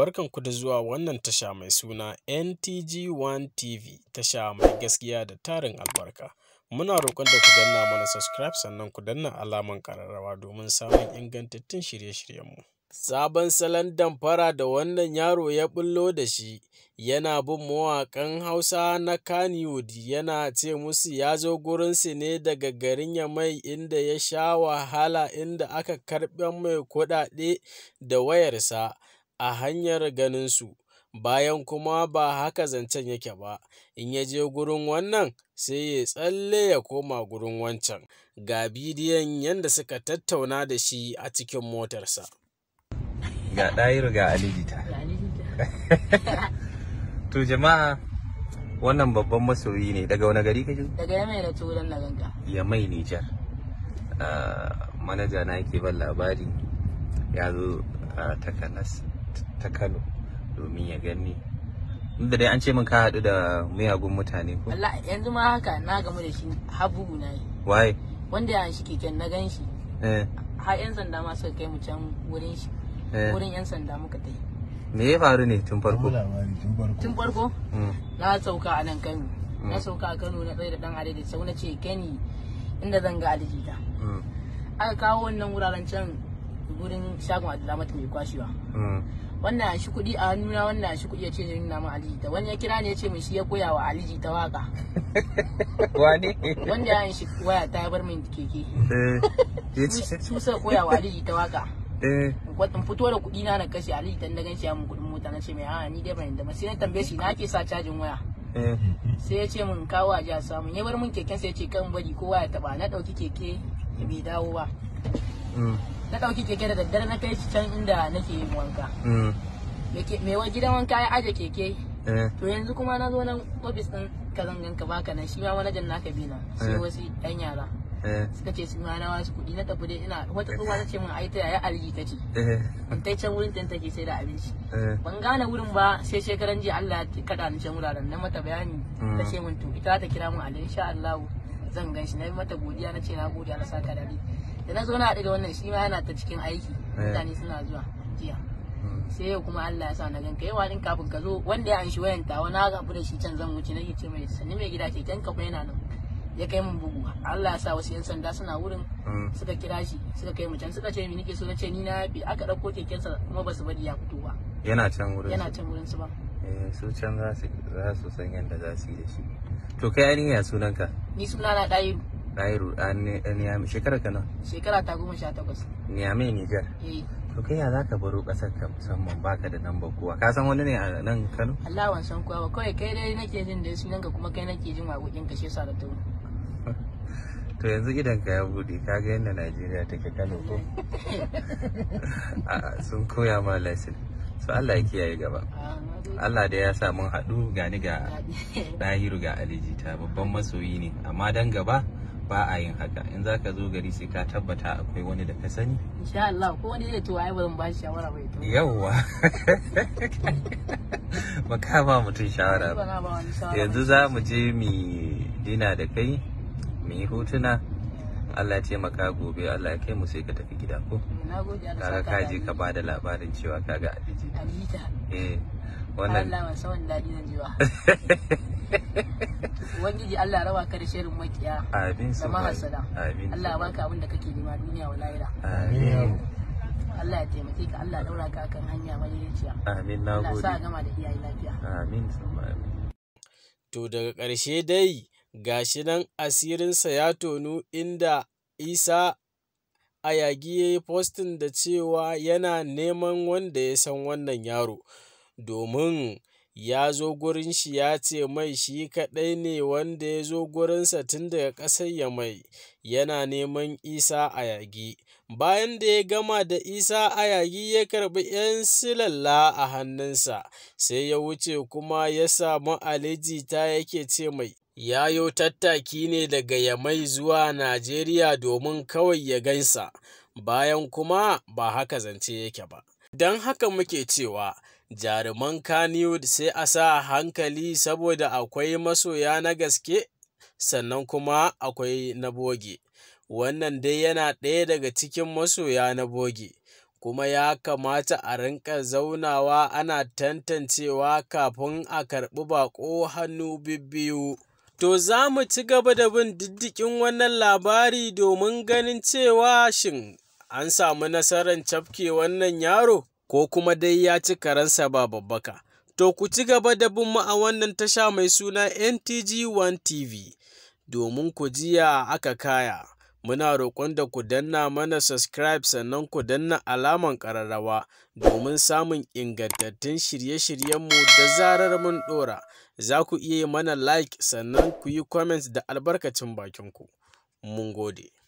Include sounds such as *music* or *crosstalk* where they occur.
barkanku da zuwa wannan tasha mai suna NTG1 TV, tasha mai gaskiya da tarin albarka. Muna roƙon da ku danna mana subscribe sannan ku danna alaman ƙararrawa domin samun ingantattun shirye-shiryenmu. Sabon salon damfara da wannan yaro ya bullo da shi yana bin mawaƙan Hausa na Kannywood yana ce musu ya zo gurinsu ne daga garin ya mai inda ya sha wahala inda aka karɓe mai kuɗaɗe da wayarsa. a hanyar ganinsu bayan kuma ba haka zancen yake ba in ya je gurin wannan sai ya tsalle ya koma gurin wancan ga bidiyon yadda suka tattauna da shi a cikin motarsa ga ɗayir ga alijita to jama'a wannan babban masoyi ne daga wani gari kaji daga yamai na turan na ganga yamai nijar ah, manaja na yake ban labari ya zo a ah, takanas ta Kano domin ya gani da dai an ce min ka haɗu da miyagun mutane ko Allah yanzu ma haka na gamu da shi habugu na yi waye wanda ya shi keken na gan shi eh. har yan sanda ma suka kai mu can wurin shi eh. wurin yan sanda muka tafi. me ya faru ne tun farko tun farko mm. na sauka a nan Kano na mm. sauka a Kano na tsaye da dan adadi sau na ce Kenny inda zan ga alijita mm. aka kawo wannan wuraren can gurin shagon adalamat mai kwashewa wannan shi kuɗi a hannuna wannan shi kuɗi ya ce nuna ma Ali ta wani ya kira ne ya ce min shi ya koya wa aliji ta waka *laughs* wani wanda ya shi waya ta bar min keke eh. su sa koya wa Ali ta waka eh. kwatan fito da kuɗi na na kashe Ali ta na ganshi ya mun kuɗin mota na ce mai a ni dai ban da sai na tambaye shi na ke sa cajin waya eh. sai ya ce min kawo a samu, samun ya bar min keken sai ya ce kan bari kowa ya taba na ɗauki keke bai dawo ba mm. na ɗauki keke da daddare na kai shi can inda nake yin wanka mai mm. wa gidan wanka ya aje keke eh. to yanzu kuma na zo nan ofis ɗin ka ka baka nan shi ma manajan naka bi na sai eh. wasu ɗan yara eh. suka ce su ma na wasu kuɗi na tafi dai ina wata tsohuwa ta ce min ai ta yaya alji ta ce in ta can wurin ta take sai da abinci ban gane wurin ba sai shekaran jiya Allah ya kada ni can wuraren na mata bayani mm. ta ce min to ita ta kira min Allah insha Allah zan gan na na mata godiya na ce na godiya na saka dare da na zo na haɗu da wannan shi ma yana ta cikin aiki mutane suna zuwa jiya sai yau kuma Allah ya sa na ganka yawa din kafin ka zo wanda ya anshi wayan ta wani haka da shi can zan wuce nake ce mai sanni mai gida ce can ka yana nan ya kai mun bugu Allah ya sa wasu yan sanda suna wurin suka kira shi suka kai mu can suka ce mi nake so na ce ni na yafi aka dauko kekensa kuma ba su bari ya fito ba yana can wurin yana can wurin su ba eh su can za su san da za su yi da shi to kai ainihin ya sunanka ni sunana Dairu Nairu a Niyami shekara ka nan? Shekara ta goma sha takwas. Niyami Nijar? Eh. To kai ya za ka baro ƙasar ka musamman ba ka da nan ba kuwa? ka san wani ne a nan Kano? Allah wa san kuwa ba kawai kai dai nake jin da nan ka kuma kai nake jin waƙoƙin ka shi yasa da tawo. *laughs* To yanzu idan ka ya bude ka ga yadda Najeriya take Kano ko? *laughs* Sun koya ma lesson. So Allah ya kiyaye gaba. Allah da ya sa mun haɗu gani ga ɗahiru *laughs* ga ta babban masoyi ne amma dan gaba ba a yin haka in za ka zo gari sai ka tabbata akwai wani da ka sani insha Allah ko wani zai tuwa ai ba ba *laughs* shawara ba ba shawara ba yanzu za mu je mu dina da kai mu yi hotuna Allah ya taimaka gobe Allah ya kai mu sai ka tafi gida ko kaga ka je ka bada labarin cewa kaga abiji eh wannan Allah masa wannan dadi jiwa *laughs* *laughs* ubangiji Allah rawa ka da shirin makiya amin da amin Allah baka abin da kake nema duniya wa lahira amin Allah ya taimake ka Allah daura ka kan hanya mai madaidaiciya amin nagode Allah sa gama da iyaye lafiya amin to daga ƙarshe dai gashi nan asirinsa ya tonu inda Isa Ayagi ya yi postin da cewa yana neman wanda ya san wannan yaro domin ya zo gurin shi ya ce mai shi kaɗai ne wanda ya zo gurinsa tun daga ƙasar ya mai yana neman isa a yagi bayan da ya gama da isa a yagi ya karɓi 'yan silalla a hannunsa sai ya wuce kuma ya samu aliji ta yake ce mai yayo tattaki ne daga yamai zuwa najeriya domin kawai ya gansa bayan kuma ba haka zance yake ba don haka muke cewa jaruman Kannywood sai a sa hankali saboda akwai masoya na gaske sannan kuma akwai na boge. Wannan dai yana ɗaya daga cikin masoya na boge, kuma ya kamata a rinka zaunawa ana tantancewa kafin a karɓi baƙo hannu bibbiyu. To za mu ci gaba da bin diddikin wannan labari domin ganin cewa shin an samu nasarar cafke wannan yaro? ko kuma dai ya ci karansa ba babbaka. To ku ci gaba da bin mu a wannan tasha mai suna NTG One TV domin ku jiya aka kaya. Muna roƙon da ku danna mana subscribe sannan ku danna alaman ƙararrawa domin samun ingantattun shirye-shiryenmu da zarar mun ɗora. Za ku iya yi mana like sannan ku yi comments da albarkacin bakinku. Mun gode.